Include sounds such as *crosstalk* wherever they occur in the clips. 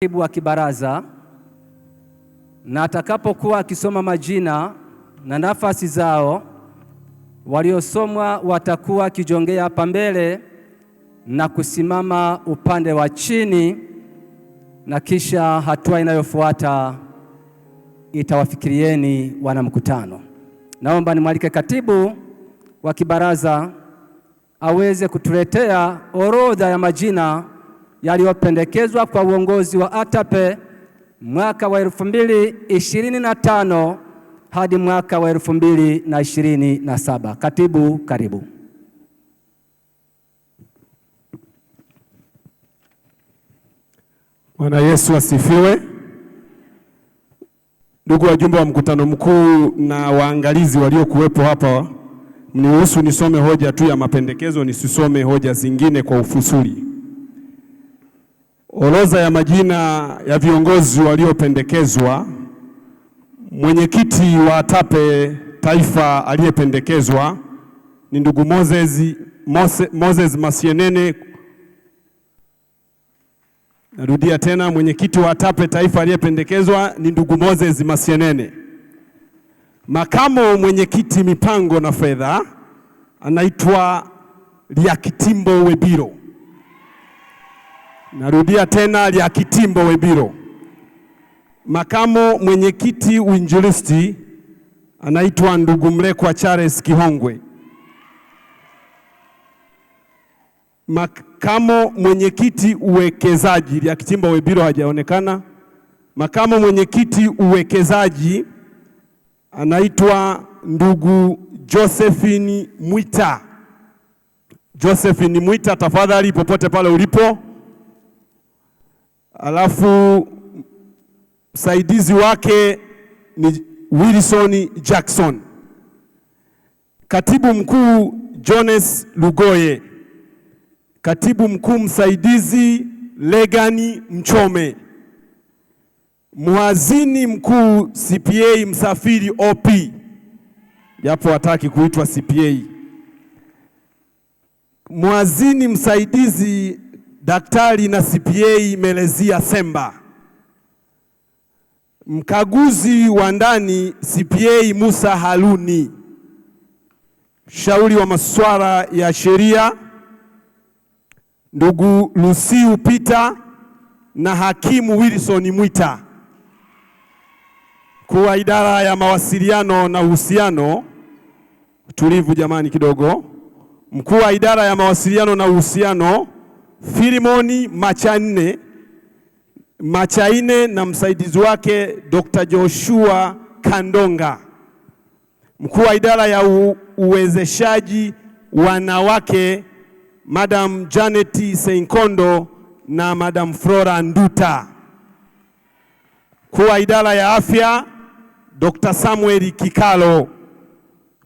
Katibu wa kibaraza na atakapokuwa akisoma majina na nafasi zao, waliosomwa watakuwa akijongea hapa mbele na kusimama upande wa chini, na kisha hatua inayofuata itawafikirieni wanamkutano. Naomba nimwalike katibu wa kibaraza aweze kutuletea orodha ya majina yaliyopendekezwa kwa uongozi wa ATAPE mwaka wa 2025 hadi mwaka wa 2027. Katibu, karibu. Bwana Yesu asifiwe. Ndugu wajumbe wa mkutano mkuu na waangalizi waliokuwepo hapa, mniruhusu nisome hoja tu ya mapendekezo, nisisome hoja zingine kwa ufusuli. Orodha ya majina ya viongozi waliopendekezwa. Mwenyekiti wa TAPE taifa aliyependekezwa ni ndugu Moses, Moses, Masienene. Narudia tena, mwenyekiti wa TAPE taifa aliyependekezwa ni ndugu Moses Masienene. Makamo mwenyekiti mipango na fedha anaitwa liakitimbo Webiro. Narudia tena lya Kitimbo Webiro. Makamo mwenyekiti uinjilisti anaitwa ndugu Mlekwa Charles Kihongwe. Makamo mwenyekiti uwekezaji lya Kitimbo Webiro hajaonekana. Makamo mwenyekiti uwekezaji anaitwa ndugu Josephine Mwita. Josephine Mwita, tafadhali popote pale ulipo alafu msaidizi wake ni Wilson Jackson, katibu mkuu Jones Lugoye, katibu mkuu msaidizi Legani Mchome, mwazini mkuu CPA Msafiri OP, japo hataki kuitwa CPA, mwazini msaidizi Daktari na CPA Melezia Semba, mkaguzi wa ndani CPA Musa Haluni, mshauri wa masuala ya sheria ndugu Lusiu Peter na hakimu Wilson Mwita, wa idara ya mawasiliano na uhusiano. Tulivu jamani kidogo. Mkuu wa idara ya mawasiliano na uhusiano Filimoni macha nne na msaidizi wake Dr. Joshua Kandonga, mkuu wa idara ya uwezeshaji wanawake Madam Janet Seinkondo na Madam Flora Nduta, mkuu wa idara ya afya Dr. Samuel Kikalo,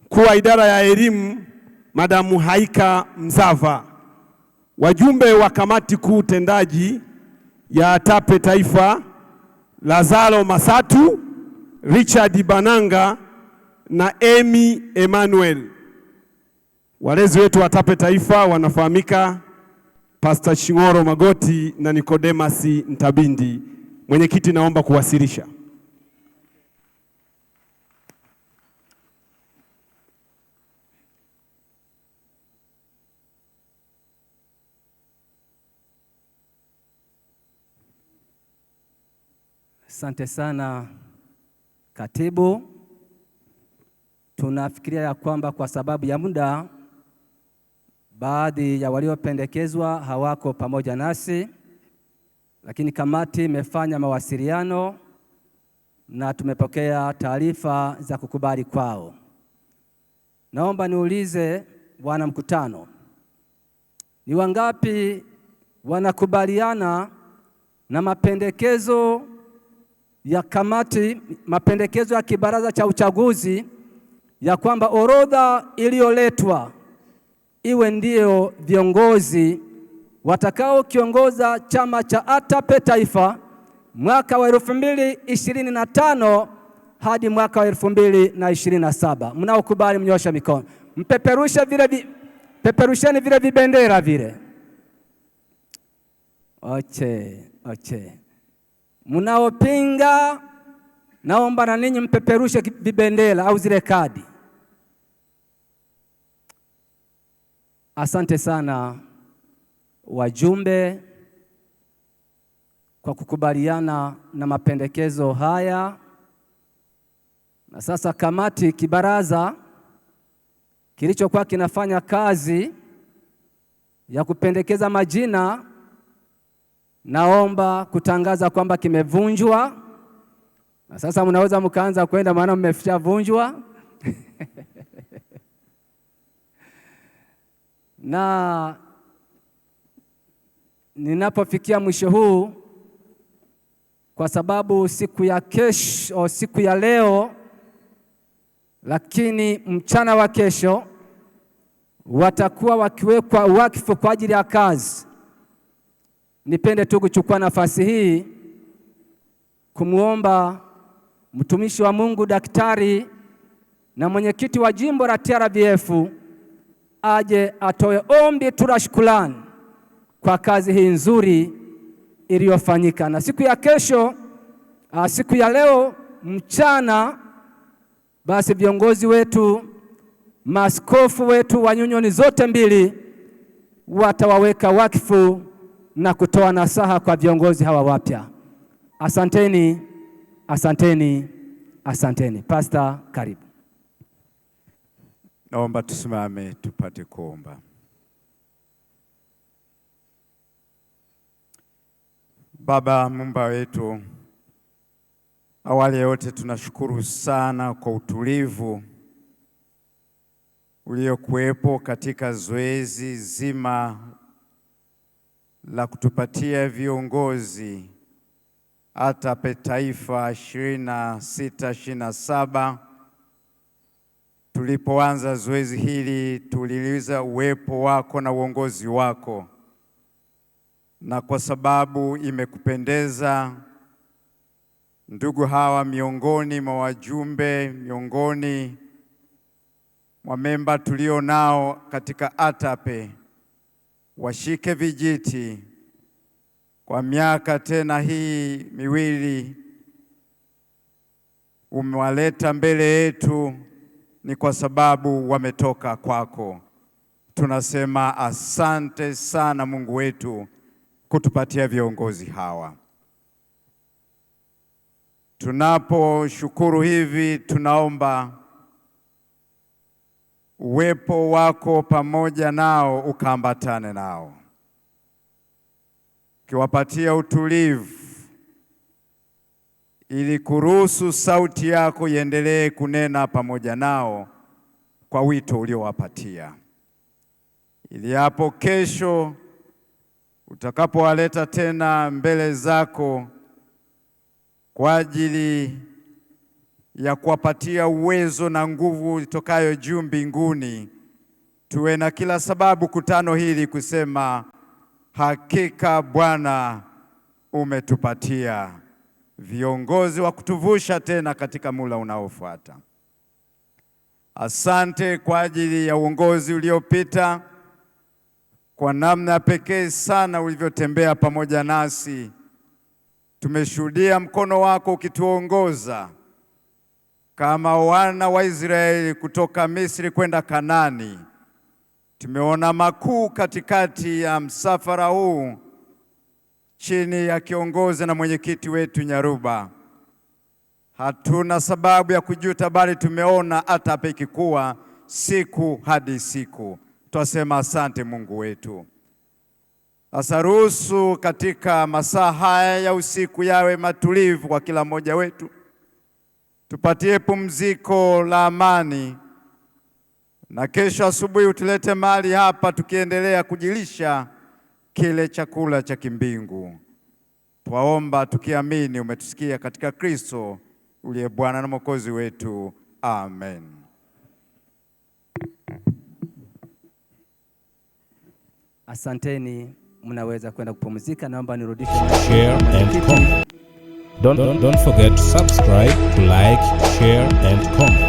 mkuu wa idara ya elimu Madam Haika Mzava. Wajumbe wa kamati kuu tendaji ya TAPE Taifa, Lazaro Masatu, Richard Bananga na Emi Emmanuel. Walezi wetu wa TAPE Taifa wanafahamika Pastor Shingoro Magoti na Nikodemasi Ntabindi. Mwenyekiti, naomba kuwasilisha. Asante sana katibu. Tunafikiria ya kwamba kwa sababu ya muda, baadhi ya waliopendekezwa hawako pamoja nasi, lakini kamati imefanya mawasiliano na tumepokea taarifa za kukubali kwao. Naomba niulize wana mkutano, ni wangapi wanakubaliana na mapendekezo ya kamati mapendekezo ya kibaraza cha uchaguzi ya kwamba orodha iliyoletwa iwe ndiyo viongozi watakaokiongoza chama cha ATAPE taifa mwaka wa 2025 hadi mwaka wa 2027. Mnaokubali mnyosha mikono, mpeperushe vile vi, peperusheni vile vibendera vile. Oche, oche. Mnaopinga naomba na ninyi mpeperushe vibendera au zile kadi. Asante sana wajumbe kwa kukubaliana na mapendekezo haya. Na sasa kamati kibaraza kilichokuwa kinafanya kazi ya kupendekeza majina Naomba kutangaza kwamba kimevunjwa, na sasa mnaweza mkaanza kwenda, maana vunjwa *laughs* na ninapofikia mwisho huu, kwa sababu siku ya kesho siku ya leo, lakini mchana wa kesho watakuwa wakiwekwa wakifu kwa ajili ya kazi Nipende tu kuchukua nafasi hii kumwomba mtumishi wa Mungu daktari na mwenyekiti wa jimbo la TRVF aje atoe ombi tu la shukrani kwa kazi hii nzuri iliyofanyika. Na siku ya kesho, ah, siku ya leo mchana, basi viongozi wetu, maaskofu wetu wa nyunyoni zote mbili watawaweka wakfu na kutoa nasaha kwa viongozi hawa wapya. Asanteni, asanteni, asanteni. Pasta, karibu. Naomba tusimame tupate kuomba. Baba mumba wetu, awali yote tunashukuru sana kwa utulivu uliokuwepo katika zoezi zima la kutupatia viongozi hata pe taifa 26 27 tulipoanza zoezi hili tuliliuliza uwepo wako na uongozi wako, na kwa sababu imekupendeza ndugu hawa miongoni mwa wajumbe, miongoni mwa memba tulio nao katika ATAPE washike vijiti kwa miaka tena hii miwili umewaleta mbele yetu ni kwa sababu wametoka kwako. Tunasema asante sana Mungu wetu kutupatia viongozi hawa. Tunaposhukuru hivi, tunaomba uwepo wako pamoja nao ukaambatane nao, ukiwapatia utulivu ili kuruhusu sauti yako iendelee kunena pamoja nao kwa wito uliowapatia, ili hapo kesho utakapowaleta tena mbele zako kwa ajili ya kuwapatia uwezo na nguvu itokayo juu mbinguni. Tuwe na kila sababu kutano hili kusema hakika Bwana umetupatia viongozi wa kutuvusha tena katika mula unaofuata. Asante kwa ajili ya uongozi uliopita, kwa namna pekee sana ulivyotembea pamoja nasi. Tumeshuhudia mkono wako ukituongoza kama wana wa Israeli kutoka Misri kwenda Kanani. Tumeona makuu katikati ya msafara huu chini ya kiongozi na mwenyekiti wetu Nyaruba. Hatuna sababu ya kujuta, bali tumeona hata pikikuwa siku hadi siku, twasema asante Mungu wetu. Sasa ruhusu katika masaa haya ya usiku yawe matulivu kwa kila mmoja wetu tupatie pumziko la amani, na kesho asubuhi utulete mali hapa tukiendelea kujilisha kile chakula cha kimbingu. Twaomba tukiamini umetusikia katika Kristo uliye Bwana na Mwokozi wetu, amen. Asanteni, mnaweza kwenda kupumzika. Naomba nirudishe Don't, don't, don't forget to subscribe, to like, share and comment.